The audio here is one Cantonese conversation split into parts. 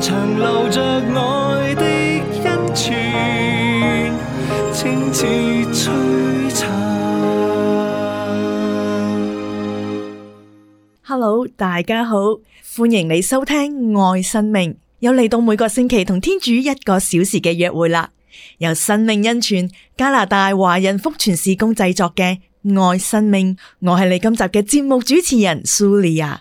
長留着愛的恩泉，清似璀璨。Hello，大家好，歡迎你收聽《愛生命》，又嚟到每個星期同天主一個小時嘅約會啦。由《生命恩泉》加拿大華人福傳事工製作嘅《愛生命》，我係你今集嘅節目主持人蘇莉亞。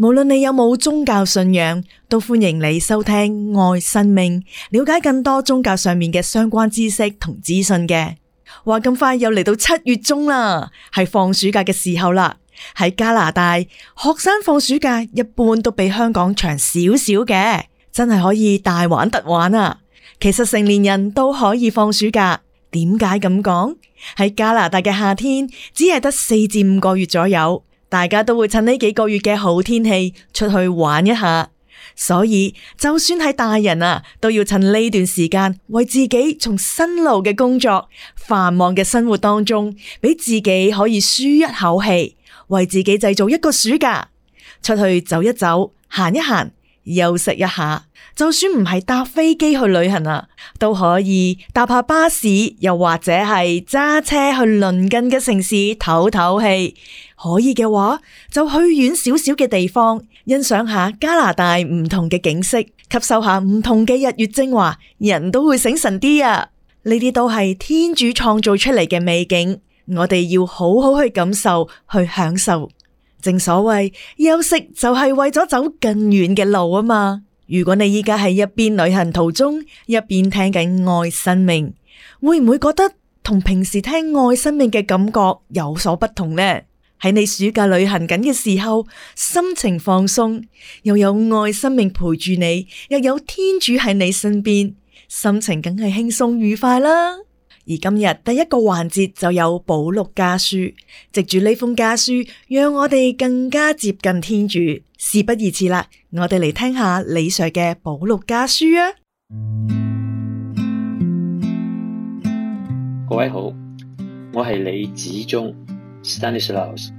無論你有冇有宗教信仰，都歡迎你收聽愛生命，了解更多宗教上面嘅相關知識同資訊嘅。話咁快又嚟到七月中喇，係放暑假嘅時候喇。喺加拿大，學生放暑假一般都比香港長少少嘅，真係可以大玩特玩啊！其實成年人都可以放暑假，點解咁講？喺加拿大嘅夏天只係得四至五個月左右。大家都會趁呢幾個月嘅好天氣出去玩一下，所以就算係大人啊，都要趁呢段時間，為自己從辛勞嘅工作、繁忙嘅生活當中，俾自己可以舒一口氣，為自己製造一個暑假，出去走一走、行一行、休息一下。就算唔係搭飛機去旅行啊，都可以搭下巴士，又或者係揸車去鄰近嘅城市透透氣。可以嘅話，就去遠少少嘅地方欣賞下加拿大唔同嘅景色，吸收下唔同嘅日月精華，人都會醒神啲啊。呢啲都係天主創造出嚟嘅美景，我哋要好好去感受，去享受。正所謂休息就係為咗走更遠嘅路啊嘛。如果你而家喺一邊旅行途中，一邊聽緊愛生命，會唔會覺得同平時聽愛生命嘅感覺有所不同呢？喺你暑假旅行緊嘅時候，心情放鬆，又有愛生命陪住你，又有天主喺你身邊，心情梗係輕鬆愉快啦。而今日第一個環節就有保禄家書，藉住呢封家書，讓我哋更加接近天主。事不宜遲啦，我哋嚟聽下李 Sir 嘅保禄家書啊！各位好，我係李子忠 s t a n i s l a s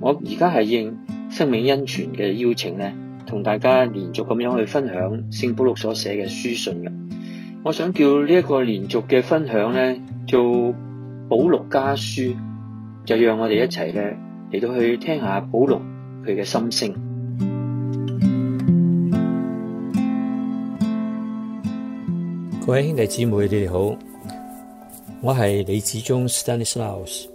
我而家係應生命恩泉嘅邀請咧，同大家連續咁樣去分享聖保禄所寫嘅書信我想叫呢一個連續嘅分享呢做保祿家書，就讓我哋一齊呢嚟到去聽下保祿佢嘅心聲。各位兄弟姊妹，你哋好，我係李子忠 Stanislaus，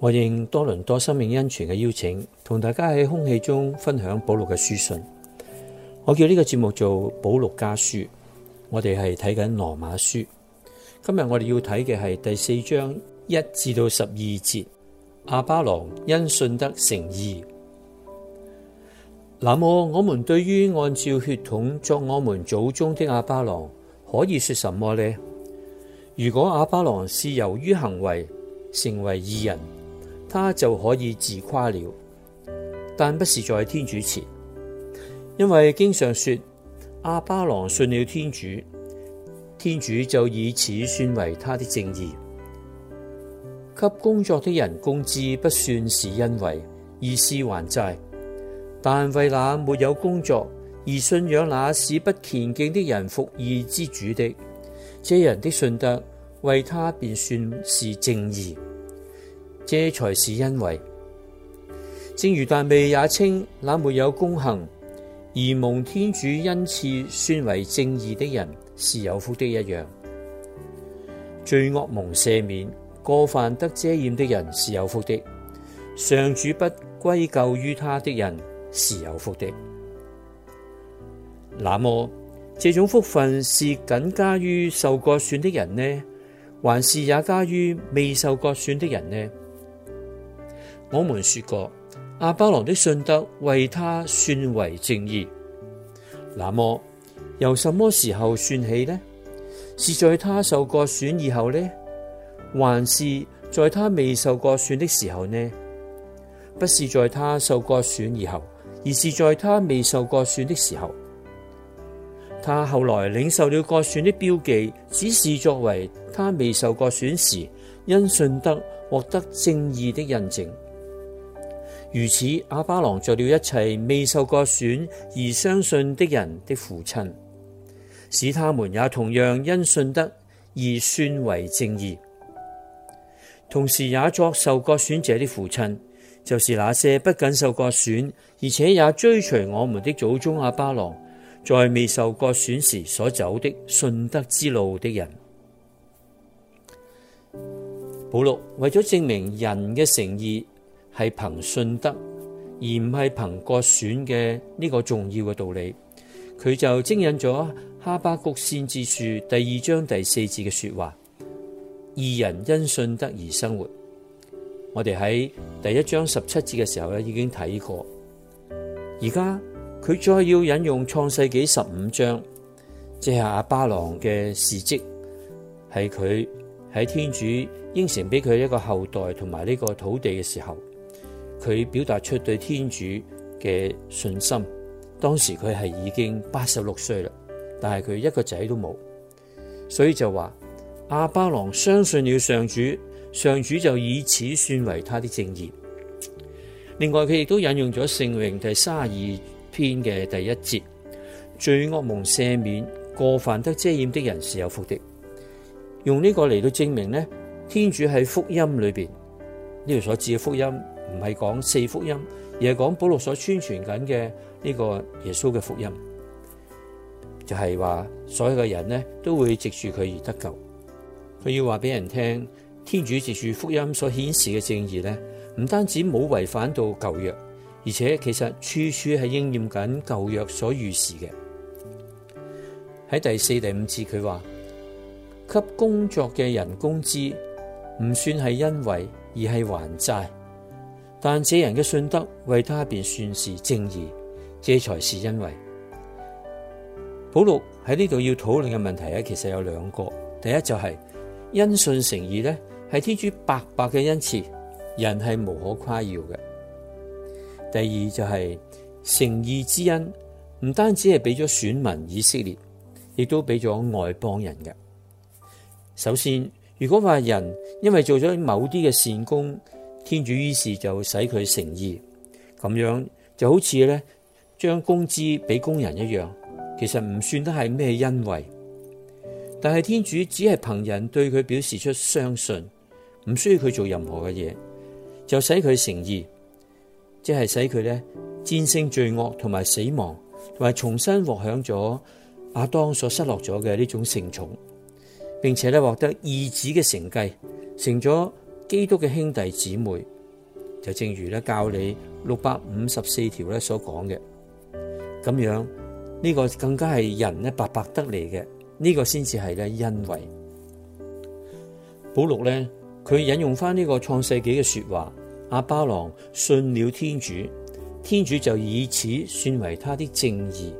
我應多倫多生命恩泉嘅邀請，同大家喺空氣中分享保祿嘅書信。我叫呢個節目做保祿家書。我哋係睇緊羅馬書，今日我哋要睇嘅係第四章一至到十二節。亞巴郎因信德成義。那麼我們對於按照血統作我們祖宗的亞巴郎，可以說什麼呢？如果亞巴郎是由於行為成為義人，他就可以自誇了，但不是在天主前，因為經常說。阿巴郎信了天主，天主就以此算為他的正義。給工作的人工資不算是恩惠，而是還債。但為那沒有工作而信仰那使不虔敬的人復義之主的，這人的信德為他便算是正義。這才是恩惠。正如達味也稱那沒有功行。而蒙天主恩賜宣為正義的人是有福的，一樣罪惡蒙赦免、過犯得遮掩的人是有福的，上主不歸咎於他的人是有福的。那麼，這種福分是僅加於受割損的人呢，還是也加於未受割損的人呢？我們說過。阿巴郎的信德為他算為正義，那麼由什麼時候算起呢？是在他受割損以後呢，還是在他未受割損的時候呢？不是在他受割損以後，而是在他未受割損的時候。他後來領受了割損的標記，只是作為他未受割損時因信德獲得正義的印證。如此，阿巴郎作了一切未受過割損而相信的人的父親，使他們也同樣因信德而算為正義。同時，也作受過割損者的父親，就是那些不僅受過割損，而且也追隨我們的祖宗阿巴郎在未受過割損時所走的信德之路的人。保祿為咗證明人嘅誠意，係憑信德而唔係憑割損嘅呢個重要嘅道理，佢就徵引咗《哈巴谷先知書》第二章第四節嘅說話：二人因信德而生活。我哋喺第一章十七節嘅時候咧已經睇過，而家佢再要引用創世紀十五章，即係阿巴郎嘅事跡，係佢喺天主應承俾佢一個後代同埋呢個土地嘅時候。佢表達出對天主嘅信心。當時佢係已經八十六歲啦，但係佢一個仔都冇，所以就話阿巴郎相信了上主，上主就以此算為他的正義。另外，佢亦都引用咗聖詠第三十二篇嘅第一節：罪惡蒙赦免，過犯得遮掩的人是有福的。用呢個嚟到證明呢天主喺福音裏邊呢度所指嘅福音。唔係講四福音，而係講保祿所宣傳緊嘅呢個耶穌嘅福音，就係話所有嘅人呢都會藉住佢而得救。佢要話俾人聽，天主藉住福音所顯示嘅正義呢，唔單止冇違反到舊約，而且其實處處係應驗緊舊約所預示嘅。喺第四、第五節，佢話給工作嘅人工資唔算係因為，而係還債。但這人嘅信德為他便算是正義，這才是因為保祿喺呢度要討論嘅問題咧，其實有兩個。第一就係、是、因信成義咧，係天主白白嘅恩賜，人係無可誇耀嘅。第二就係、是、成義之恩，唔單止係俾咗選民以色列，亦都俾咗外邦人嘅。首先，如果話人因為做咗某啲嘅善功，天主於是就使佢成義，咁樣就好似咧將工資俾工人一樣，其實唔算得係咩恩惠，但係天主只係憑人對佢表示出相信，唔需要佢做任何嘅嘢，就使佢成義，即係使佢咧戰勝罪惡同埋死亡，同埋重新獲享咗阿當所失落咗嘅呢種聖寵，並且咧獲得義子嘅成繼，成咗。基督嘅兄弟姊妹就正如咧教理六百五十四條咧所講嘅咁樣，呢、這個更加係人咧白白得嚟嘅。呢、這個先至係咧恩惠。保祿咧佢引用翻呢個創世紀嘅說話，阿巴郎信了天主，天主就以此算為他的正義。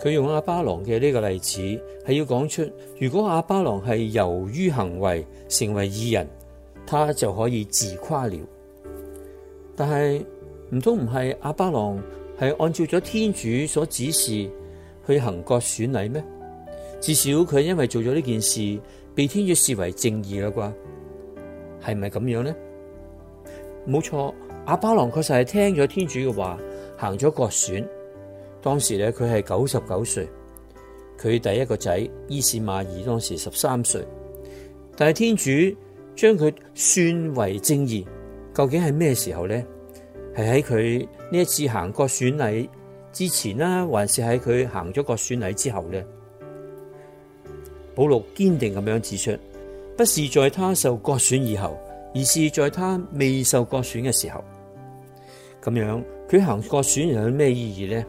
佢用阿巴郎嘅呢個例子係要講出，如果阿巴郎係由於行為成為義人，他就可以自誇了，但係唔通唔係阿巴郎係按照咗天主所指示去行割損禮咩？至少佢係因為做咗呢件事，被天主視為正義啦啩？係咪咁樣呢？冇錯，阿巴郎確實係聽咗天主嘅話，行咗割損。當時咧，佢係九十九歲，佢第一個仔伊斯馬爾當時十三歲，但係天主，將佢算為正義，究竟係咩時候呢？係喺佢呢一次行割損禮之前啦，還是喺佢行咗割損禮之後呢？保祿堅定咁樣指出，不是在他受割損以後，而是在他未受割損嘅時候。咁樣佢行割損又有咩意義呢？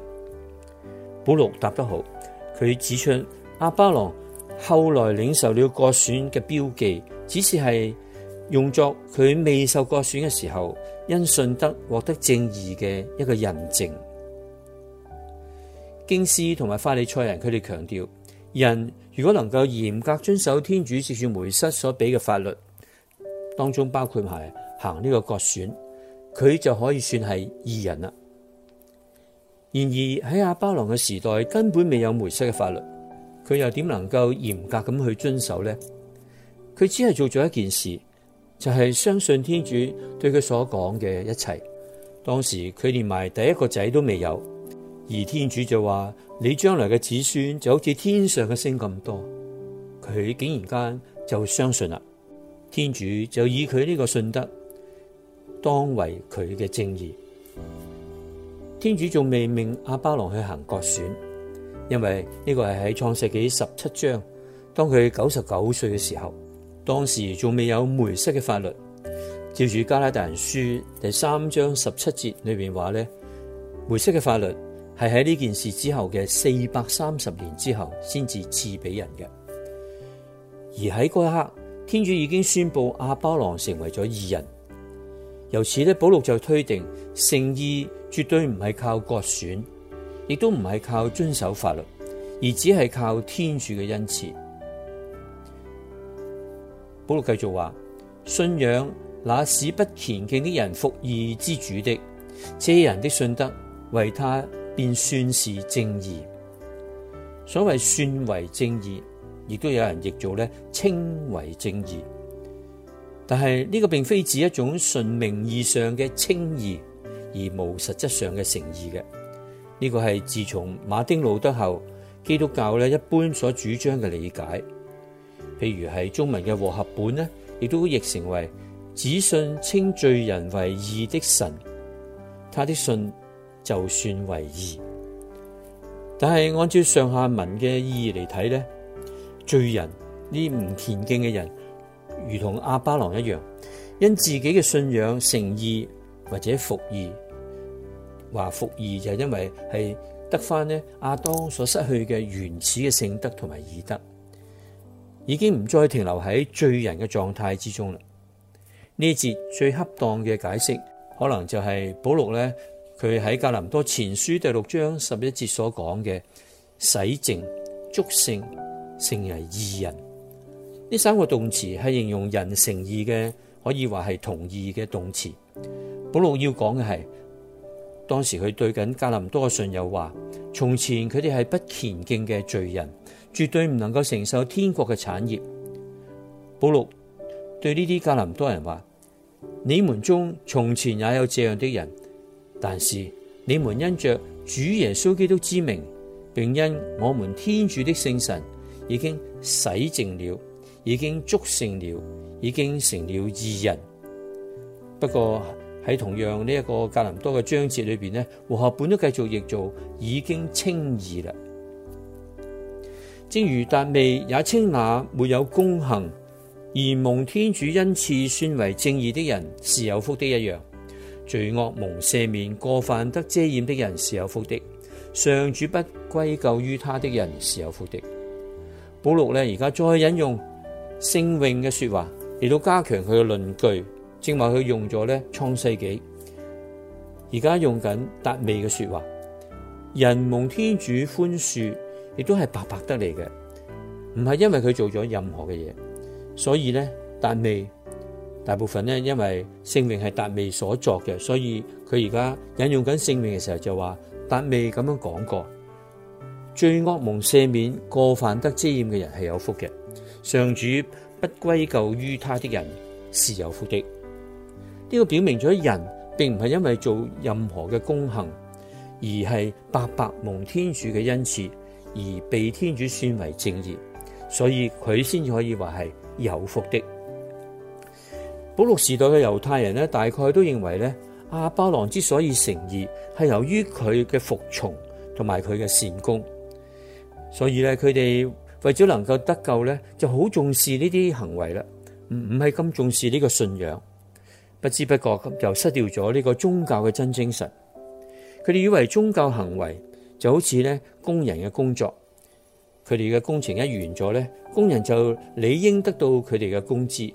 保祿答得好，佢指出阿巴郎後來領受了割損嘅標記。此事係用作佢未受割損嘅時候，因信德獲得正義嘅一個印證。經師同埋法利賽人，佢哋強調，人如果能夠嚴格遵守天主藉住梅瑟所俾嘅法律，當中包括埋行呢個割損，佢就可以算係義人啦。然而喺阿巴郎嘅時代，根本未有梅瑟嘅法律，佢又點能夠嚴格咁去遵守呢？佢只係做咗一件事，就係、是、相信天主對佢所講嘅一切。當時佢連埋第一個仔都未有，而天主就話：你將來嘅子孫就好似天上嘅星咁多。佢竟然間就相信啦。天主就以佢呢個信德當為佢嘅正義。天主仲未命阿巴郎去行割選，因為呢個係喺創世紀十七章。當佢九十九歲嘅時候。當時仲未有梅瑟嘅法律，照住加拉達人書第三章十七節裏邊話呢，梅瑟嘅法律係喺呢件事之後嘅四百三十年之後先至賜俾人嘅，而喺嗰一刻，天主已經宣布亞巴郎成為咗義人，由此咧，保祿就推定聖意絕對唔係靠割損，亦都唔係靠遵守法律，而只係靠天主嘅恩賜。保祿繼續話：信仰那使不虔敬的人服義之主的，這人的信德為他便算是正義。所謂算為正義，亦都有人譯做咧稱為正義。但係呢個並非指一種純名義上嘅稱義，而無實質上嘅成義嘅。呢個係自從馬丁路德後，基督教咧一般所主張嘅理解。譬如係中文嘅和合本咧，亦都譯成為只信稱罪人為義的神，他的信就算為義。但係按照上下文嘅意義嚟睇咧，罪人呢，唔虔敬嘅人，如同亞巴郎一樣，因自己嘅信仰誠意或者復義，話復義就係因為係得翻呢亞當所失去嘅原始嘅聖德同埋義德。已經唔再停留喺罪人嘅狀態之中啦。呢一節最恰當嘅解釋，可能就係保祿呢佢喺《格林多前書》第六章十一節所講嘅洗淨、祝聖、成為義人。呢三個動詞係形容人成義嘅，可以話係同義嘅動詞。保祿要講嘅係當時佢對緊格林多嘅信友話：從前佢哋係不虔敬嘅罪人。絕對唔能夠承受天國嘅產業。保禄對呢啲格林多人話：你們中從前也有這樣的人，但是你們因着主耶穌基督之名，並因我們天主的聖神，已經洗淨了，已經祝聖了，已經成了義人。不過喺同樣呢一個格林多嘅章節裏邊呢，和合本都繼續譯做已經稱義了。正如達味也稱那沒有功行而蒙天主恩賜算為正義的人是有福的一樣，罪惡蒙赦免，過犯得遮掩的人是有福的，上主不歸咎於他的人是有福的。保祿呢，而家再引用聖詠嘅說話嚟到加強佢嘅論據，正話佢用咗呢「創世紀」，而家用緊達味嘅說話，人蒙天主寬恕。亦都係白白得嚟嘅，唔係因為佢做咗任何嘅嘢，所以咧，達味大部分咧，因為聖詠係達味所作嘅，所以佢而家引用緊聖詠嘅時候就話，達味咁樣講過，罪惡蒙赦免，過犯得遮掩嘅人係有福嘅，上主不歸咎於他的人是有福的。呢、呢個表明咗人並唔係因為做任何嘅功行，而係白白蒙天主嘅恩賜。而被天主算為正義，所以佢先至可以話係有福的。保禄時代嘅猶太人咧，大概都認為咧，阿巴郎之所以成義，係由於佢嘅服從同埋佢嘅善功。所以咧，佢哋為咗能夠得救咧，就好重視呢啲行為啦，唔唔係咁重視呢個信仰。不知不覺咁又失掉咗呢個宗教嘅真精神。佢哋以為宗教行為，就好似咧，工人嘅工作，佢哋嘅工程一完咗咧，工人就理應得到佢哋嘅工資。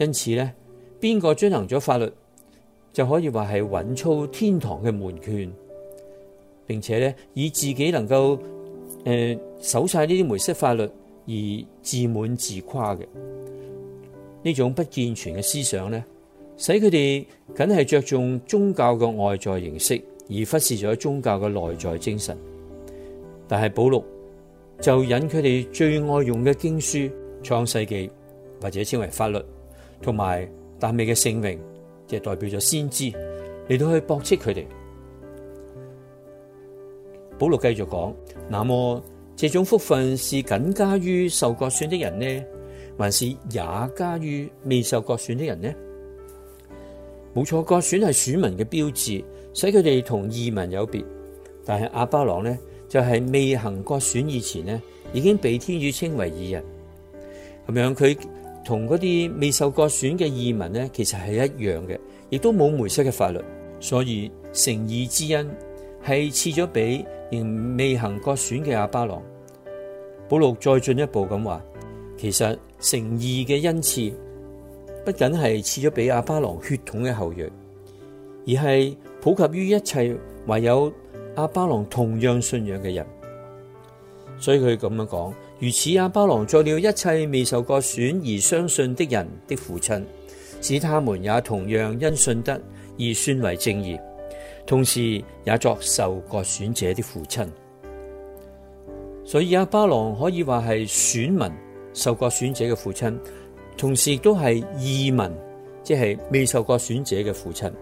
因此咧，邊個遵行咗法律，就可以話係穩操天堂嘅門券，並且咧，以自己能夠誒、呃、守晒呢啲梅瑟法律而自滿自誇嘅。呢種不健全嘅思想咧，使佢哋梗係着重宗教嘅外在形式。而忽視咗宗教嘅內在精神，但係保祿就引佢哋最愛用嘅經書創世紀，或者稱為法律，同埋達味嘅聖名，即係代表咗先知，嚟到去駁斥佢哋。保祿繼續講，那麼這種福分是僅加於受割損的人呢，還是也加於未受割損的人呢？冇錯，割損係選民嘅標誌。所以佢哋同異民有別，但係亞巴郎呢，就係、是、未行割損以前呢，已經被天主稱為義人。咁樣佢同嗰啲未受割損嘅異民呢，其實係一樣嘅，亦都冇梅瑟嘅法律。所以成義之恩係賜咗俾仍未行割損嘅亞巴郎。保祿再進一步咁話，其實成義嘅恩賜不僅係賜咗俾亞巴郎血統嘅後裔，而係。普及於一切，唯有阿巴郎同樣信仰嘅人，所以佢咁樣講。如此阿巴郎作了一切未受過選而相信的人的父親，使他們也同樣因信德而宣為正義，同時也作受過選者的父親。所以阿巴郎可以話係選民、受過選者嘅父親，同時亦都係異民，即係未受過選者嘅父親。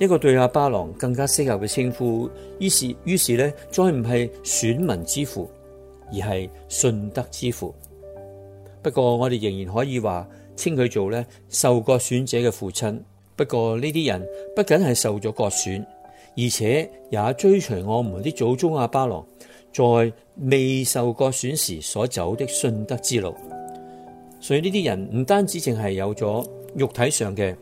一個對阿巴郎更加適合嘅稱呼，於是於是再唔係選民之父，而係信德之父。不過我哋仍然可以話稱佢做受割損者嘅父親。不過呢啲人不僅係受咗割損，而且也追隨我們啲祖宗阿巴郎在未受割損時所走的信德之路。所以呢啲人唔單止淨係有咗肉體上嘅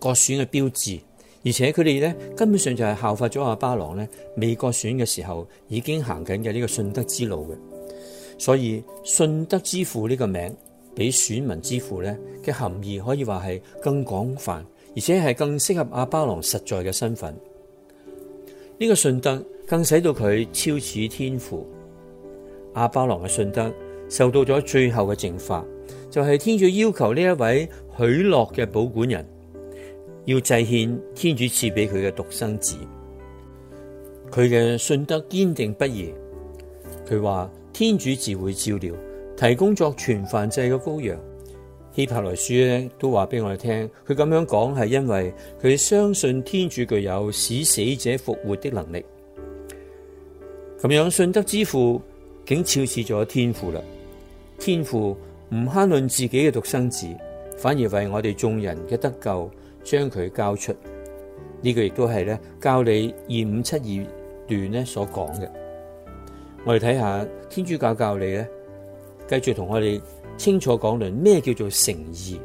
割損嘅標誌。而且佢哋咧根本上就係效法咗阿巴郎咧，美國選嘅時候已經行緊嘅呢個信德之路嘅，所以信德之父呢個名，比選民之父咧嘅含義可以話係更廣泛，而且係更適合阿巴郎實在嘅身份。呢個信德更使到佢超似天父。阿巴郎嘅信德受到咗最後嘅淨化，就係天主要求呢一位許諾嘅保管人。要祭獻天主賜俾佢嘅獨生子，佢嘅信德堅定不移。佢話天主自會照料，提供作全燔祭嘅羔羊。希伯來書呢都話俾我哋聽，佢咁樣講係因為佢相信天主具有使死者復活的能力。咁樣，信德之父竟超似咗天父啦！天父唔慳論自己嘅獨生子，反而為我哋眾人嘅得救。將佢交出，呢、這個亦都係咧教理二五七二段咧所講嘅。我哋睇下天主教教理咧，繼續同我哋清楚講論咩叫做成義。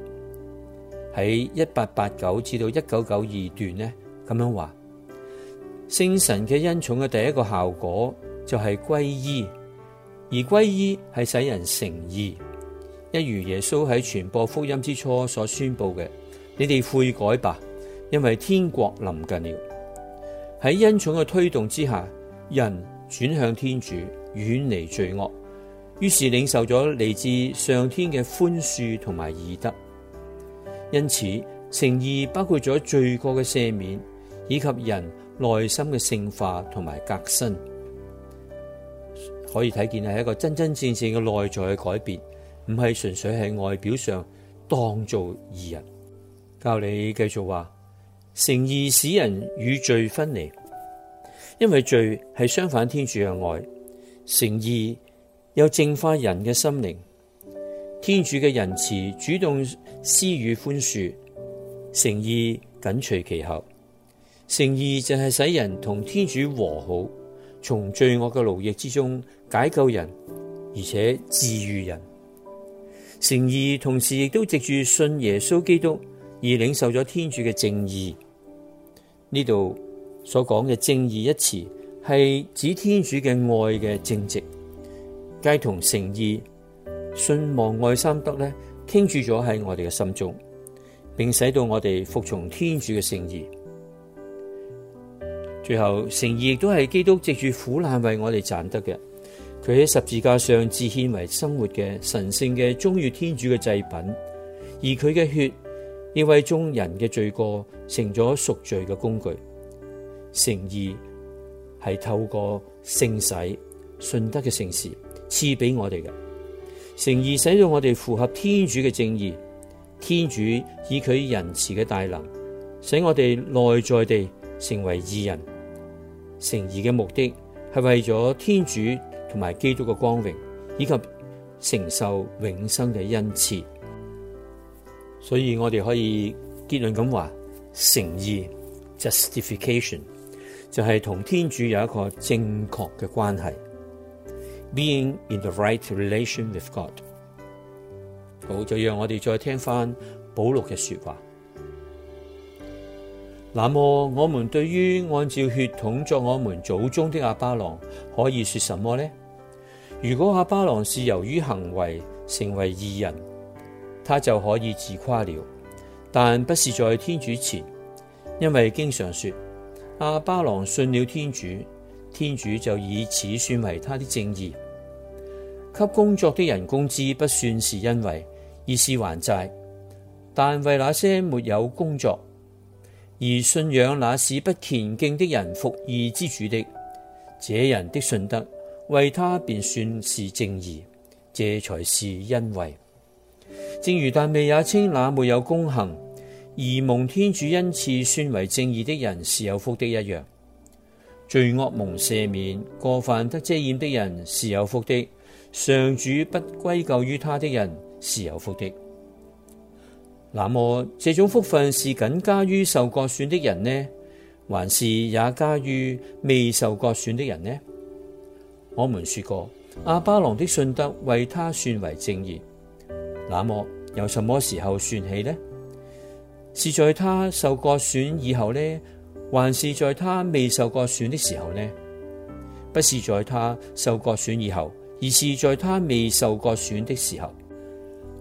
喺一八八九至到一九九二段咧咁樣話，聖神嘅恩寵嘅第一個效果就係皈依，而皈依係使人成義，一如耶穌喺傳播福音之初所宣佈嘅。你哋悔改吧，因為天國臨近了。喺恩寵嘅推動之下，人轉向天主，遠離罪惡，於是領受咗嚟自上天嘅寬恕同埋義德。因此，成義包括咗罪過嘅赦免，以及人內心嘅聖化同埋革新。可以睇見係一個真真正正嘅內在嘅改變，唔係純粹喺外表上當做義人。教理繼續話，誠意使人與罪分離，因為罪係相反天主嘅愛，誠意有淨化人嘅心靈。天主嘅仁慈主動施予寬恕，誠意緊隨其後。誠意就係使人同天主和好，從罪惡嘅奴役之中解救人，而且治愈人。誠意同時亦都藉住信耶穌基督，而領受咗天主嘅正義，呢度所講嘅正義一詞，係指天主嘅愛嘅正直，皆同誠意、信望愛三德咧，傾注咗喺我哋嘅心中，並使到我哋服從天主嘅誠意。最後，誠意亦都係基督藉住苦難為我哋賺得嘅，佢喺十字架上自獻為生活嘅神聖嘅忠於天主嘅祭品，而佢嘅血。呢位眾人嘅罪過成咗贖罪嘅工具，成義係透過聖洗、信德嘅聖事賜俾我哋嘅成義，使到我哋符合天主嘅正義。天主以佢仁慈嘅大能，使我哋內在地成為義人。成義嘅目的係為咗天主同埋基督嘅光榮，以及承受永生嘅恩賜。所以我哋可以結論咁話，成義 justification 就係同天主有一個正確嘅關係，being in the right relation with God。好，就讓我哋再聽翻保禄嘅說話。那麼我們對於按照血統作我們祖宗的亞巴郎，可以說什麼呢？如果亞巴郎是由於行為成為義人？他就可以自誇了，但不是在天主前，因為經常說阿巴郎信了天主，天主就以此算為他的正義，給工作的人工資不算是恩惠，而是還債。但為那些沒有工作而信仰那是不虔敬的人服義之主的，這人的信德為他便算是正義，這才是恩惠。正如但未也稱那沒有功行，而蒙天主恩賜算為正義的人是有福的一樣。罪惡蒙赦免、過犯得遮掩的人是有福的，上主不歸咎於他的人是有福的。那麼這種福分是僅加於受割損的人呢，還是也加於未受割損的人呢？我們說過，阿巴郎的信德為他算為正義。那麼由什麼時候算起呢？是在他受割損以後呢，還是在他未受割損的時候呢？不是在他受割損以後，而是在他未受割損的時候。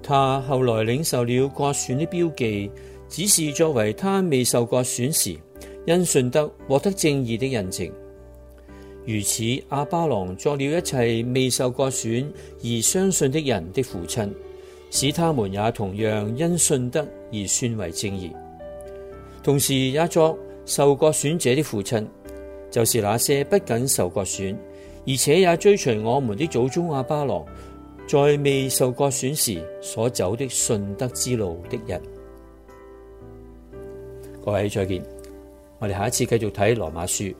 他後來領受了割損的標記，只是作為他未受割損時因信德獲得正義的印證。如此，亞巴郎作了一切未受割損而相信的人的父親。使他們也同樣因信德而宣為正義，同時也作受割損者的父親，就是那些不僅受割損，而且也追隨我們的祖宗亞巴郎，在未受割損時所走的信德之路的人。各位再見，我哋下一次繼續睇羅馬書。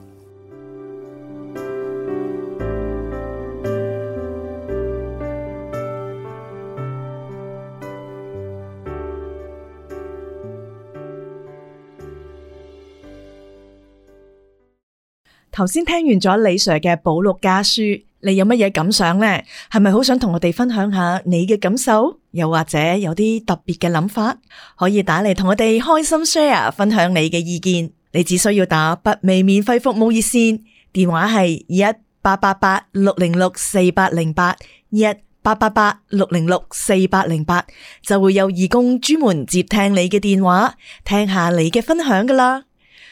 頭先聽完咗李 Sir 嘅保祿家書，你有乜嘢感想呢？係咪好想同我哋分享下你嘅感受？又或者有啲特別嘅諗法，可以打嚟同我哋開心 share，分享你嘅意見。你只需要打不未免費服務熱線，電話係一八八八六零六四八零八一八八八六零六四八零八，8, 8, 就會有義工專門接聽你嘅電話，聽下你嘅分享噶啦。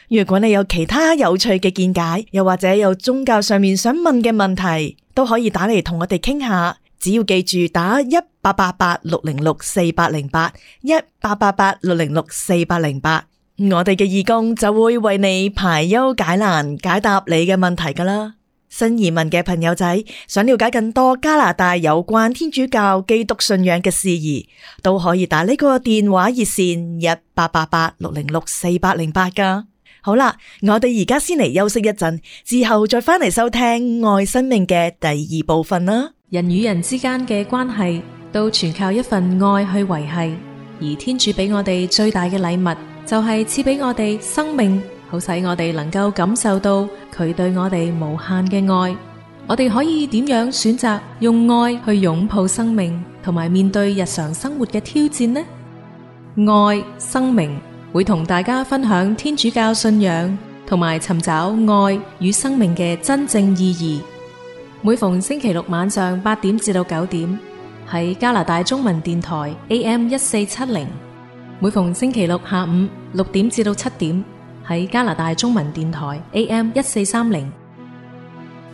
如果你有其他有趣嘅見解，又或者有宗教上面想問嘅問題，都可以打嚟同我哋傾下。只要記住打一八八八六零六四八零八，一八八八六零六四八零八，8, 8, 我哋嘅義工就會為你排憂解難，解答你嘅問題㗎啦。新移民嘅朋友仔想了解更多加拿大有關天主教基督信仰嘅事宜，都可以打呢個電話熱線一八八八六零六四八零八㗎。好啦，我哋而家先嚟休息一陣，之後再翻嚟收聽愛生命的第二部分啦。人與人之間的關係都全靠一份愛去維繫，而天主俾我哋最大的禮物就係賜俾我哋生命，好使我哋能夠感受到佢對我哋無限的愛。我哋可以點樣選擇用愛去擁抱生命，同埋面對日常生活的挑戰呢？愛生命。會同大家分享天主教信仰，同埋尋找愛與生命嘅真正意義。每逢星期六晚上八點至到九點，喺加拿大中文電台 AM 一四七零；每逢星期六下午六點至到七點，喺加拿大中文電台 AM 一四三零。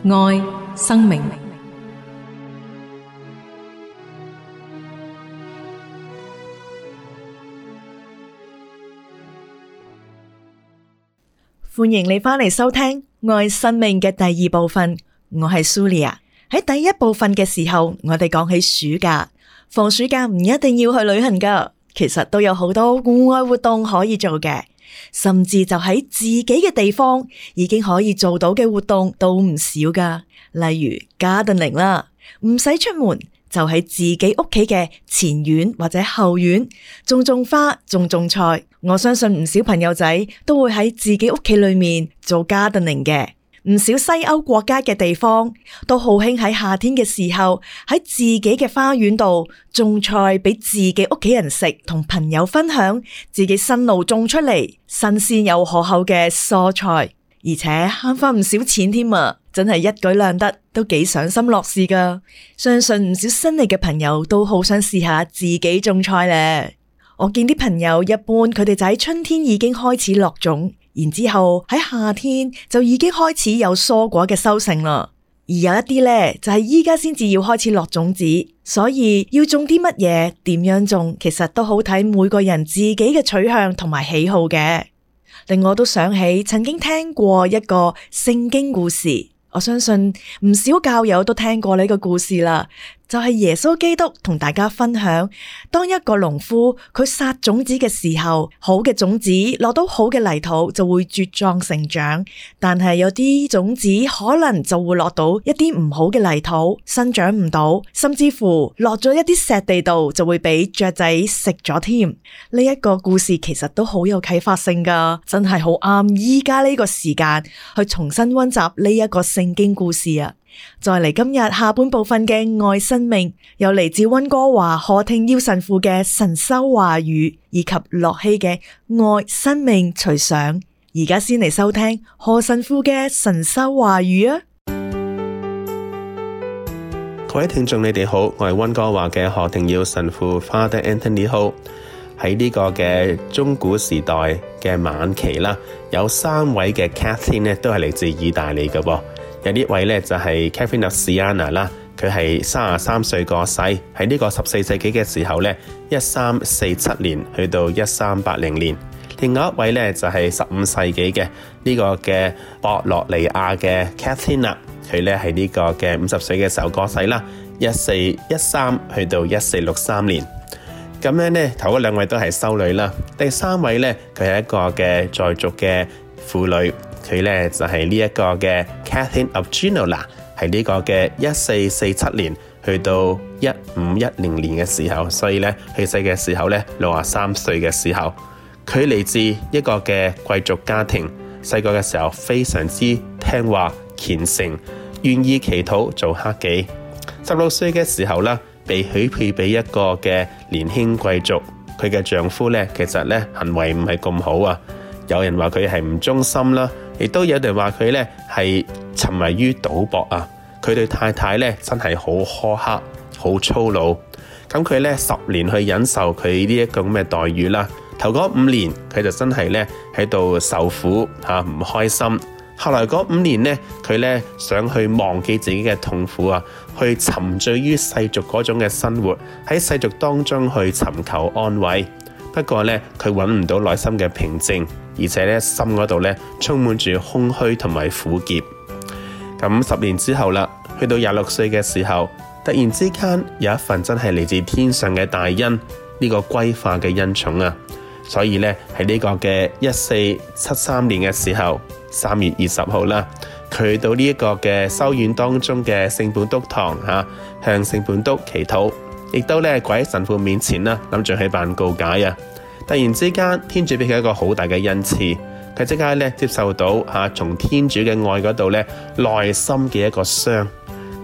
愛生命。歡迎你翻嚟收聽愛生命嘅第二部分，我係蘇利亞。喺第一部分嘅時候，我哋講起暑假，放暑假唔一定要去旅行噶，其實都有好多戶外活動可以做嘅，甚至就喺自己嘅地方已經可以做到嘅活動都唔少噶，例如 gardening 啦，唔使出門。就喺自己屋企嘅前院或者後院種種花，種種菜，我相信唔少朋友仔都會喺自己屋企裏面做 gardening 嘅。唔少西歐國家嘅地方都好興喺夏天嘅時候喺自己嘅花園度種菜俾自己屋企人食，同朋友分享自己辛勞種出嚟新鮮又可口嘅蔬菜，而且慳返唔少錢添啊！真係一舉兩得，都幾賞心樂事噶。相信唔少新嚟嘅朋友都好想試下自己種菜呢。我見啲朋友一般，佢哋就喺春天已經開始落種，然之後喺夏天就已經開始有蔬果嘅收成啦。而有一啲呢，就係依家先至要開始落種子，所以要種啲乜嘢、點樣種，其實都好睇每個人自己嘅取向同埋喜好嘅。令我都想起曾經聽過一個聖經故事。我相信唔少教友都聽過呢個故事啦。就係耶穌基督同大家分享，當一個農夫佢撒種子嘅時候，好嘅種子落到好嘅泥土就會茁壯成長，但係有啲種子可能就會落到一啲唔好嘅泥土，生長唔到，甚至乎落咗一啲石地度就會畀雀仔食咗添。呢一個故事其實都好有啟發性㗎，真係好啱依家呢個時間去重新溫習呢一個聖經故事。再嚟今日下半部分嘅愛生命，有嚟自溫哥華何挺耀神父嘅神修話語，以及駱曦嘅愛生命隨想。而家先嚟收聽何神父嘅神修話語啊！各位聽眾，你哋好，我係溫哥華嘅何挺耀神父 Father Anthony Ho。好喺呢個嘅中古時代嘅晚期啦，有三位嘅 Catherine 呢，都係嚟自意大利嘅噃。有一位呢位咧就係、是、Catherine Siena 啦，佢係三十三歲個世喺呢個十四世紀嘅時候咧，一三四七年去到一三八零年。另外一位咧就係十五世紀嘅呢、這個嘅博洛尼亞嘅 Catherine，佢咧係呢個嘅五十歲嘅時候過世啦，一四一三去到一四六三年。咁咧咧頭嗰兩位都係修女啦，第三位咧佢係一個嘅在俗嘅婦女。佢呢就係呢一個嘅 Catherine of Genoa 啦，係呢個嘅一四四七年去到一五一零年嘅時候，所以呢，去世嘅時候呢，六啊三歲嘅時候，佢嚟自一個嘅貴族家庭，細個嘅時候非常之聽話、虔誠，願意祈禱做克己。十六歲嘅時候呢，被許配俾一個嘅年輕貴族，佢嘅丈夫呢，其實呢，行為唔係咁好啊，有人話佢係唔忠心啦。亦都有人話佢咧係沉迷於賭博啊！佢對太太咧真係好苛刻，好粗魯。咁佢咧十年去忍受佢呢一個咁咩待遇啦。頭嗰五年佢就真係咧喺度受苦吓，唔開心。後來嗰五年呢，佢咧想去忘記自己嘅痛苦啊，去沉醉於世俗嗰種嘅生活，喺世俗當中去尋求安慰。不過咧，佢揾唔到內心嘅平靜。而且咧心嗰度咧充滿住空虛同埋苦澀。咁十年之後啦，去到廿六歲嘅時候，突然之間有一份真係嚟自天上嘅大恩，呢、這個歸化嘅恩寵啊！所以咧喺呢個嘅一四七三年嘅時候，三月二十號啦，佢到呢一個嘅修院當中嘅聖本篤堂啊，向聖本篤祈禱，亦都咧跪喺神父面前啦，諗住去辦告解啊。突然之間，天主俾佢一個好大嘅恩賜，佢即刻咧接受到嚇、啊、從天主嘅愛嗰度咧內心嘅一個傷，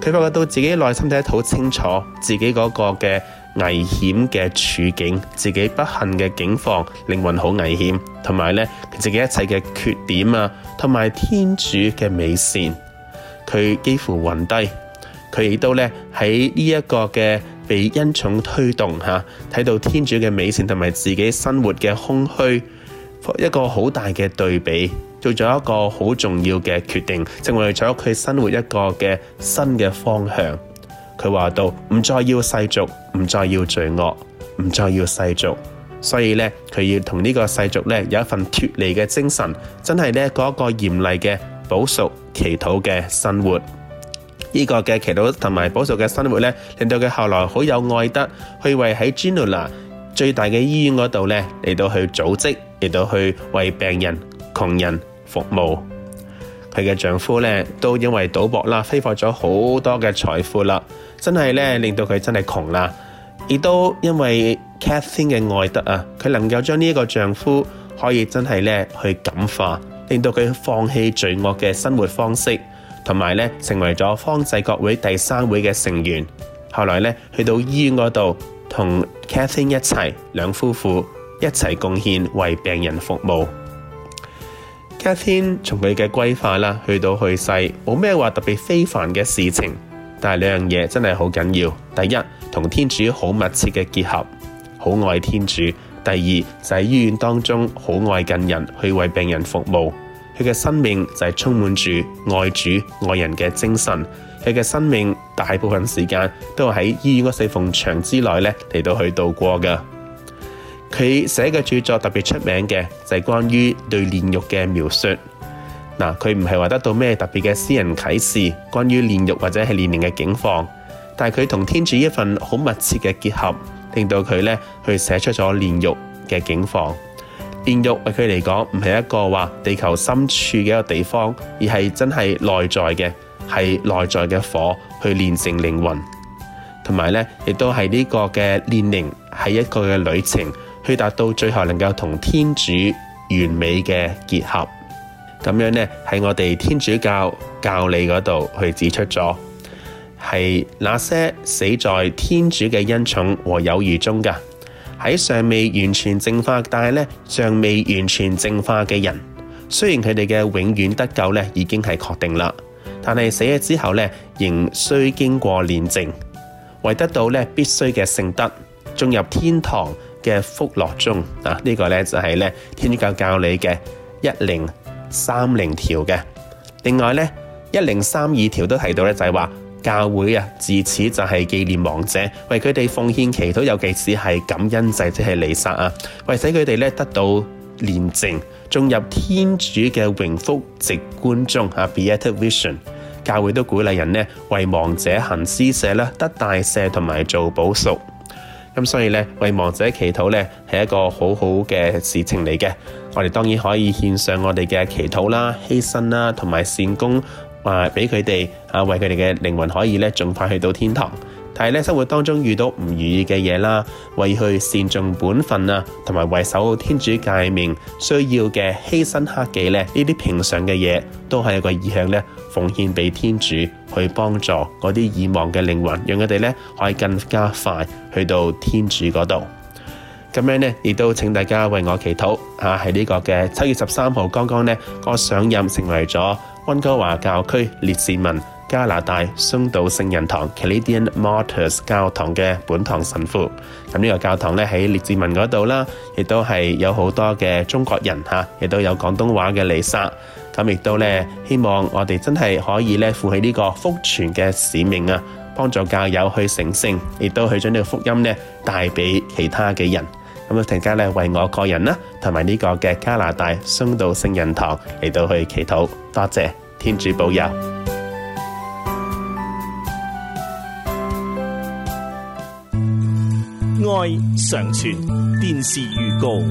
佢發覺到自己內心睇得好清楚，自己嗰個嘅危險嘅處境，自己不幸嘅境況，靈魂好危險，同埋咧自己一切嘅缺點啊，同埋天主嘅美善，佢幾乎暈低，佢亦都咧喺呢一個嘅。被恩寵推動吓，睇到天主嘅美善同埋自己生活嘅空虛，一個好大嘅對比，做咗一個好重要嘅決定，成為咗佢生活一個嘅新嘅方向。佢話到唔再要世俗，唔再要罪惡，唔再要世俗，所以咧佢要同呢個世俗咧有一份脱離嘅精神，真係咧嗰個嚴厲嘅補贖祈禱嘅生活。呢個嘅祈禱同埋補贖嘅生活咧，令到佢後來好有愛德，去為喺 Genoa 最大嘅醫院嗰度咧嚟到去組織，嚟到去為病人窮人服務。佢嘅丈夫咧都因為賭博啦，揮霍咗好多嘅財富啦，真係咧令到佢真係窮啦。亦都因為 Catherine 嘅愛德啊，佢能夠將呢一個丈夫可以真係咧去感化，令到佢放棄罪惡嘅生活方式。同埋咧，成為咗方濟各會第三會嘅成員。後來咧，去到醫院嗰度，同 Catherine 一齊，兩夫婦一齊貢獻為病人服務。Catherine 從佢嘅規劃啦，去到去世，冇咩話特別非凡嘅事情。但係兩樣嘢真係好緊要：第一，同天主好密切嘅結合，好愛天主；第二，就喺醫院當中好愛近人，去為病人服務。佢嘅生命就係充滿住愛主愛人嘅精神，佢嘅生命大部分時間都係喺醫院個四縫牆之內咧嚟到去度過噶。佢寫嘅著作特別出名嘅就係關於對煉獄嘅描述。嗱，佢唔係話得到咩特別嘅私人啟示，關於煉獄或者係煉靈嘅境況，但係佢同天主一份好密切嘅結合，令到佢咧去寫出咗煉獄嘅境況。煉獄為佢嚟講唔係一個話地球深處嘅一個地方，而係真係內在嘅，係內在嘅火去煉成靈魂，同埋呢，亦都係呢個嘅煉靈係一個嘅旅程，去達到最後能夠同天主完美嘅結合。咁樣呢，喺我哋天主教教理嗰度去指出咗，係那些死在天主嘅恩寵和友誼中㗎。喺尚未完全淨化，但係咧尚未完全淨化嘅人，雖然佢哋嘅永遠得救咧已經係確定啦，但係死咗之後咧仍需經過煉淨，為得到咧必須嘅聖德，進入天堂嘅福樂中啊！這個、呢個咧就係、是、咧天主教教理嘅一零三零條嘅。另外咧一零三二條都提到咧就係、是、話。教會啊，自此就係紀念亡者，為佢哋奉獻祈禱，尤其指係感恩祭即係彌撒啊，為使佢哋咧得到煉淨，進入天主嘅榮福直觀中啊 beatific vision）。教會都鼓勵人呢為亡者行施捨啦，得大赦同埋做補贖。咁所以咧為亡者祈禱咧係一個很好好嘅事情嚟嘅。我哋當然可以獻上我哋嘅祈禱啦、犧牲啦同埋善功。話俾佢哋啊，為佢哋嘅靈魂可以咧，盡快去到天堂。但係咧，生活當中遇到唔如意嘅嘢啦，為去善盡本分啊，同埋為守天主誡命需要嘅犧牲克己咧，呢啲平常嘅嘢，都係一個意向咧，奉獻俾天主去幫助嗰啲已亡嘅靈魂，讓佢哋咧可以更加快去到天主嗰度。咁樣呢，亦都請大家為我祈禱啊！喺呢個嘅七月十三號，剛剛呢我、那個、上任成為咗。溫哥華教區列治文加拿大松島聖人堂 （Canadian Martyrs） 教堂嘅本堂神父。咁呢個教堂咧喺列治文嗰度啦，亦都係有好多嘅中國人吓，亦都有廣東話嘅彌撒。咁亦都咧，希望我哋真係可以咧負起呢個福傳嘅使命啊，幫助教友去成聖，亦都去將呢個福音咧帶俾其他嘅人。咁啊，陣間咧為我個人啦，同埋呢個嘅加拿大松道聖人堂嚟到去祈禱，多謝天主保佑，愛常傳電視預告。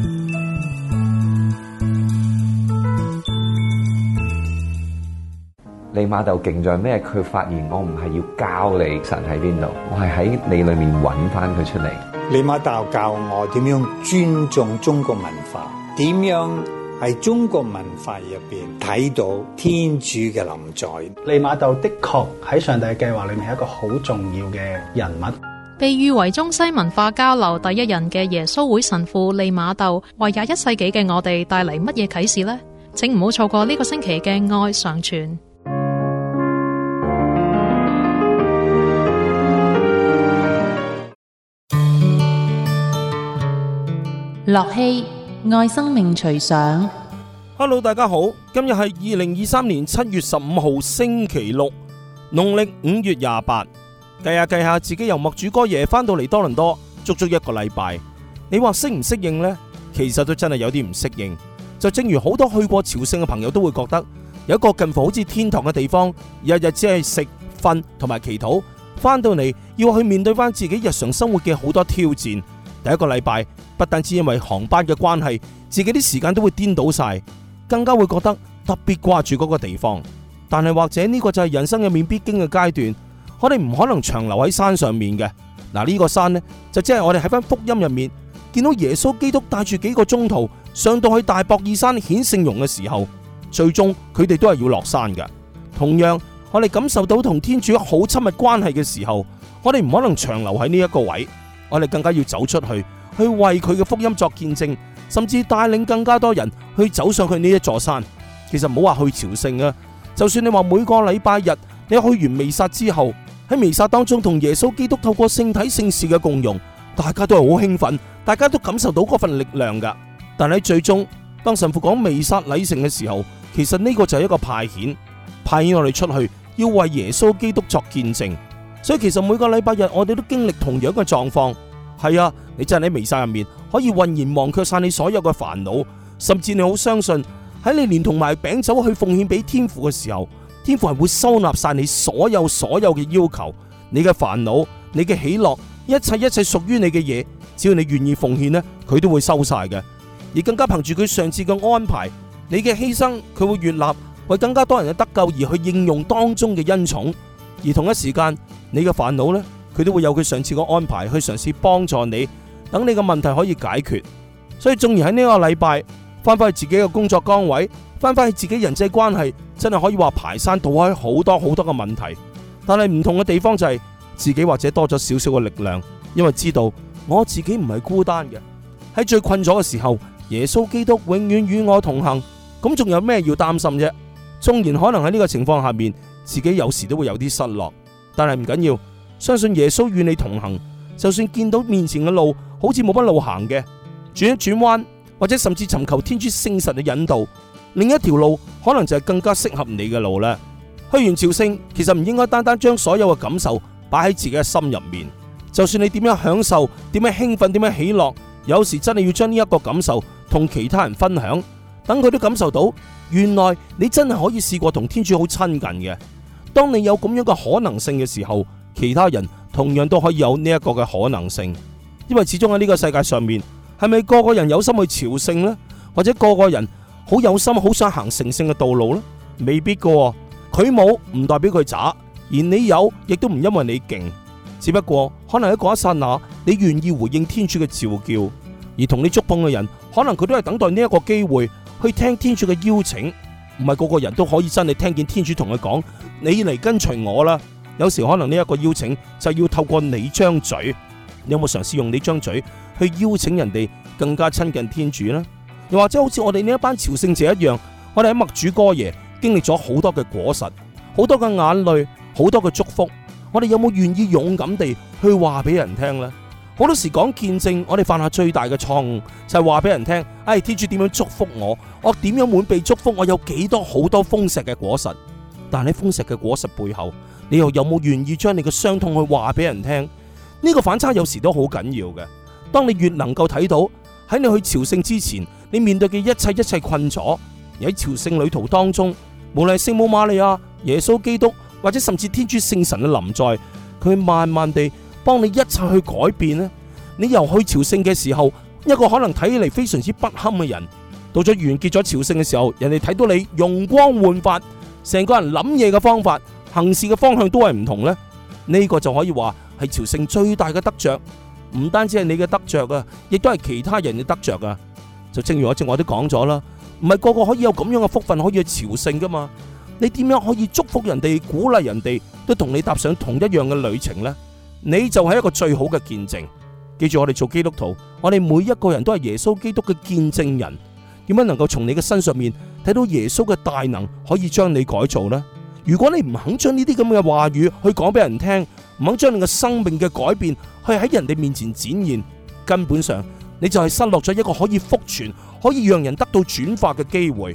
利瑪竇勁在咩？佢發現我唔係要教你神喺邊度，我係喺你裏面揾翻佢出嚟。利馬竇教我點樣尊重中國文化，點樣喺中國文化入邊睇到天主嘅臨在。利馬竇的確喺上帝嘅計劃裏面係一個好重要嘅人物，被譽為中西文化交流第一人嘅耶穌會神父利馬竇，為廿一世紀嘅我哋帶嚟乜嘢啟示呢？請唔好錯過呢個星期嘅愛上傳。駱曦愛生命隨想，Hello，大家好，今日係二零二三年七月十五號星期六，農曆五月廿八。計下計下，自己由默主哥耶翻到嚟多倫多，足足一個禮拜。你話適唔適應呢？其實都真係有啲唔適應。就正如好多去過朝聖嘅朋友都會覺得有一個近乎好似天堂嘅地方，日日只係食、瞓同埋祈禱，翻到嚟要去面對翻自己日常生活嘅好多挑戰。第一個禮拜。不但只因為航班嘅關係，自己啲時間都會顛倒晒，更加會覺得特別掛住嗰個地方。但係或者呢個就係人生入面必經嘅階段，我哋唔可能長留喺山上面嘅。嗱、這、呢個山呢，就即係我哋喺翻福音入面見到耶穌基督帶住幾個鐘頭上到去大博爾山顯聖容嘅時候，最終佢哋都係要落山嘅。同樣，我哋感受到同天主好親密關係嘅時候，我哋唔可能長留喺呢一個位，我哋更加要走出去。去為佢嘅福音作見證，甚至帶領更加多人去走上佢呢一座山。其實唔好話去朝聖啊，就算你話每個禮拜日你去完彌撒之後喺彌撒當中同耶穌基督透過聖體聖事嘅共融，大家都係好興奮，大家都感受到嗰份力量噶。但係喺最終，當神父講彌撒禮成嘅時候，其實呢個就係一個派遣，派遣我哋出去要為耶穌基督作見證。所以其實每個禮拜日我哋都經歷同樣嘅狀況，係啊。你真係喺彌撒入面可以渾然忘卻晒你所有嘅煩惱，甚至你好相信喺你連同埋餅酒去奉獻俾天父嘅時候，天父係會收納晒你所有所有嘅要求，你嘅煩惱、你嘅喜樂、一切一切屬於你嘅嘢，只要你願意奉獻呢，佢都會收晒嘅。而更加憑住佢上次嘅安排，你嘅犧牲佢會悦納，為更加多人嘅得救而去應用當中嘅恩寵。而同一時間，你嘅煩惱呢，佢都會有佢上次嘅安排去嘗試幫助你。等你嘅問題可以解決，所以縱然喺呢個禮拜翻返去自己嘅工作崗位，翻返去自己人際關係，真係可以話排山倒海好多好多嘅問題。但係唔同嘅地方就係自己或者多咗少少嘅力量，因為知道我自己唔係孤單嘅。喺最困咗嘅時候，耶穌基督永遠與我同行。咁仲有咩要擔心啫？縱然可能喺呢個情況下面，自己有時都會有啲失落，但係唔緊要，相信耶穌與你同行。就算見到面前嘅路好似冇乜路行嘅，轉一轉彎或者甚至尋求天主聖神嘅引導，另一條路可能就係更加適合你嘅路咧。去完朝聖其實唔應該單單將所有嘅感受擺喺自己嘅心入面，就算你點樣享受，點樣興奮，點樣喜樂，有時真係要將呢一個感受同其他人分享，等佢都感受到，原來你真係可以試過同天主好親近嘅。當你有咁樣嘅可能性嘅時候。其他人同樣都可以有呢一個嘅可能性，因為始終喺呢個世界上面，係咪個個人有心去朝聖呢？或者個個人好有心好想行成聖嘅道路呢？未必㗎。佢冇唔代表佢渣，而你有亦都唔因為你勁，只不過可能喺嗰一剎那，你願意回應天主嘅召叫，而同你觸碰嘅人，可能佢都係等待呢一個機會去聽天主嘅邀請。唔係個個人都可以真係聽見天主同佢講，你嚟跟隨我啦。有時可能呢一個邀請就要透過你張嘴，你有冇嘗試用你張嘴去邀請人哋更加親近天主呢？又或者好似我哋呢一班朝聖者一樣，我哋喺默主哥爺經歷咗好多嘅果實，好多嘅眼淚，好多嘅祝福。我哋有冇願意勇敢地去話俾人聽呢？好多時講見證，我哋犯下最大嘅錯誤就係話俾人聽，唉，天主點樣祝福我，我點樣滿被祝福，我有幾多好多豐碩嘅果實。但喺豐碩嘅果實背後。你又有冇願意將你嘅傷痛去話俾人聽？呢個反差有時都好緊要嘅。當你越能夠睇到喺你去朝聖之前，你面對嘅一切一切困阻，而喺朝聖旅途當中，無論聖母瑪利亞、耶穌基督，或者甚至天主聖神嘅臨在，佢慢慢地幫你一切去改變咧。你由去朝聖嘅時候，一個可能睇起嚟非常之不堪嘅人，到咗完結咗朝聖嘅時候，人哋睇到你容光煥發，成個人諗嘢嘅方法。行事嘅方向都係唔同咧，呢個就可以話係朝聖最大嘅得着，唔單止係你嘅得着啊，亦都係其他人嘅得着啊。就正如我正話我都講咗啦，唔係個個可以有咁樣嘅福分可以去朝聖噶嘛，你點樣可以祝福人哋，鼓勵人哋，都同你踏上同一樣嘅旅程咧？你就係一個最好嘅見證。記住，我哋做基督徒，我哋每一個人都係耶穌基督嘅見證人。點樣能夠從你嘅身上面睇到耶穌嘅大能，可以將你改造咧？如果你唔肯將呢啲咁嘅話語去講俾人聽，唔肯將你嘅生命嘅改變去喺人哋面前展現，根本上你就係失落咗一個可以福傳、可以讓人得到轉化嘅機會。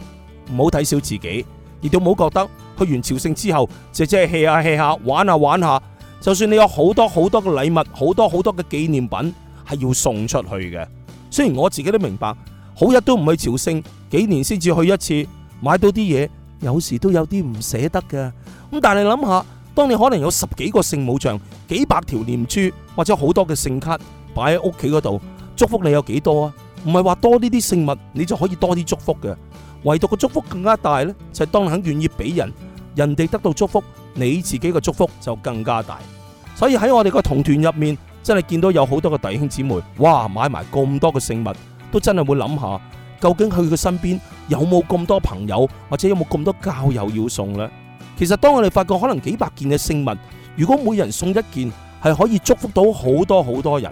唔好睇小自己，亦都唔好覺得去完朝聖之後，姐姐係 hea 下 hea 下，玩下玩下。就算你有好多好多嘅禮物、好多好多嘅紀念品係要送出去嘅。雖然我自己都明白，好日都唔去朝聖，幾年先至去一次，買到啲嘢。有時都有啲唔捨得嘅，咁但係你諗下，當你可能有十幾個聖母像、幾百條念珠或者好多嘅聖卡擺喺屋企嗰度，祝福你有幾多啊？唔係話多呢啲聖物，你就可以多啲祝福嘅。唯獨個祝福更加大呢，就係當你肯願意俾人，人哋得到祝福，你自己嘅祝福就更加大。所以喺我哋個同團入面，真係見到有好多嘅弟兄姊妹，哇，買埋咁多嘅聖物，都真係會諗下，究竟去佢身邊。有冇咁多朋友，或者有冇咁多教友要送咧？其實當我哋發覺可能幾百件嘅聖物，如果每人送一件，係可以祝福到好多好多人。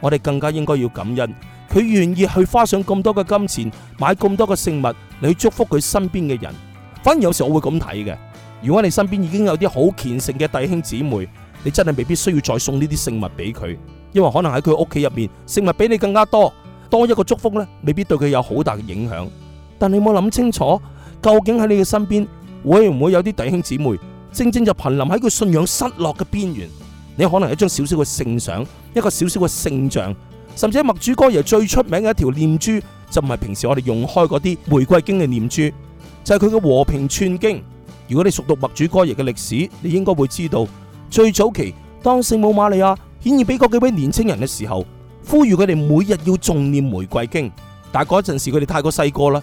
我哋更加應該要感恩佢願意去花上咁多嘅金錢買咁多嘅聖物嚟去祝福佢身邊嘅人。反而有時我會咁睇嘅，如果你身邊已經有啲好虔誠嘅弟兄姊妹，你真係未必需要再送呢啲聖物俾佢，因為可能喺佢屋企入面聖物比你更加多，多一個祝福呢，未必對佢有好大嘅影響。但你冇諗清楚，究竟喺你嘅身邊會唔會有啲弟兄姊妹，正正就瀕臨喺佢信仰失落嘅邊緣？你可能有一張少少嘅聖像，一個少少嘅聖像，甚至墨主哥爺最出名嘅一條念珠，就唔係平時我哋用開嗰啲玫瑰經嘅念珠，就係佢嘅和平串經。如果你熟讀墨主哥爺嘅歷史，你應該會知道，最早期當聖母瑪利亞顯現俾嗰幾位年輕人嘅時候，呼籲佢哋每日要重念玫瑰經，但係嗰陣時佢哋太過細個啦。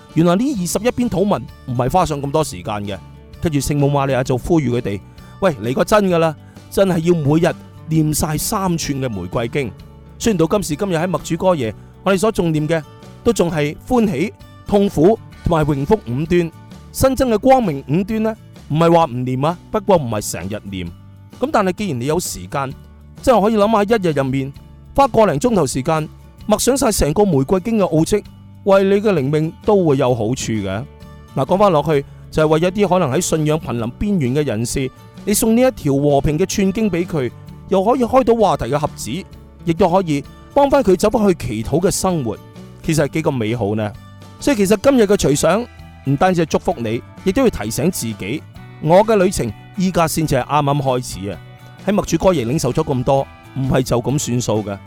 原來呢二十一篇禱文唔係花上咁多時間嘅，跟住聖母瑪利亞就呼籲佢哋，喂嚟，個真噶啦，真係要每日念晒三串嘅玫瑰經。雖然到今時今日喺默主歌夜，我哋所仲念嘅都仲係歡喜、痛苦同埋榮福五端，新增嘅光明五端呢，唔係話唔念啊，不過唔係成日念。咁但係既然你有時間，真係可以諗下一日入面花個零鐘頭時間默想晒成個玫瑰經嘅奧跡。為你嘅靈命都會有好處嘅。嗱，講翻落去就係為一啲可能喺信仰瀕臨邊緣嘅人士，你送呢一條和平嘅串經俾佢，又可以開到話題嘅盒子，亦都可以幫翻佢走翻去祈禱嘅生活。其實係幾咁美好呢？所以其實今日嘅隨想唔單止係祝福你，亦都要提醒自己，我嘅旅程依家先至係啱啱開始啊！喺默主哥耶領受咗咁多，唔係就咁算數嘅。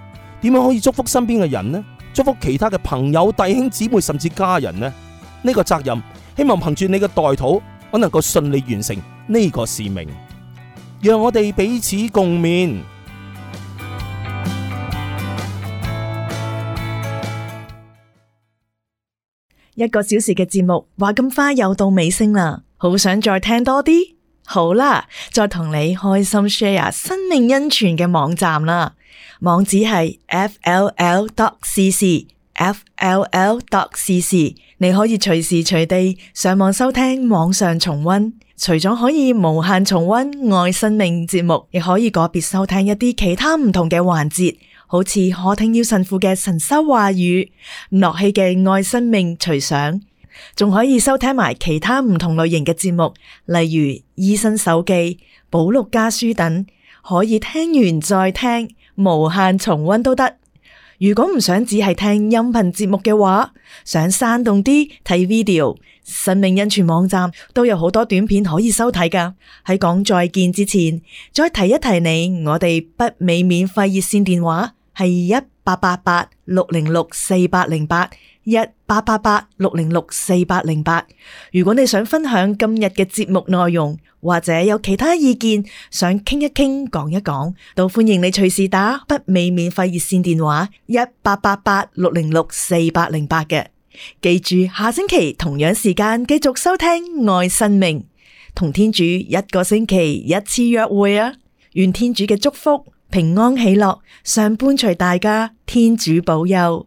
點樣可以祝福身邊嘅人呢？祝福其他嘅朋友、弟兄、姊妹，甚至家人呢？呢個責任，希望憑住你嘅代禱，我能夠順利完成呢個使命。讓我哋彼此共勉。一個小時嘅節目，話咁快又到尾聲啦，好想再聽多啲。好啦，再同你開心 share 生命恩泉嘅網站啦。網址係 fll.cc，fll.cc，你可以隨時隨地上網收聽網上重溫。除咗可以無限重溫愛生命節目，亦可以個別收聽一啲其他唔同嘅環節，好似可聽要神父嘅神修話語、駱曦嘅愛生命隨想，仲可以收聽埋其他唔同類型嘅節目，例如醫生手記、保祿家書等，可以聽完再聽。無限重溫都得，如果唔想只係聽音頻節目嘅話，想生動啲睇 video，生命恩泉網站都有好多短片可以收睇噶。喺講再見之前，再提一提你，我哋北美免費熱線電話係一八八八六零六四八零八。一八八八六零六四八零八。如果你想分享今日嘅節目內容，或者有其他意見想傾一傾、講一講，都歡迎你隨時打北美免費熱線電話一八八八六零六四八零八嘅。記住下星期同樣時間繼續收聽愛生命同天主一個星期一次約會啊！願天主嘅祝福平安喜樂常伴隨大家，天主保佑。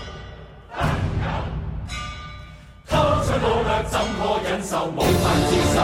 孤孃怎麼忍受無法接受？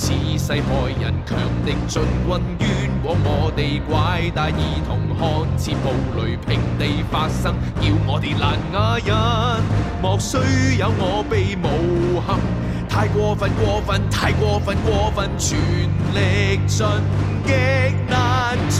此世害人強敵進軍，冤枉我哋，拐帶兒童，看似暴雷平地發生，叫我哋難啞忍。莫須有我被誣陷，太過分過分，太過分過分，全力盡擊難。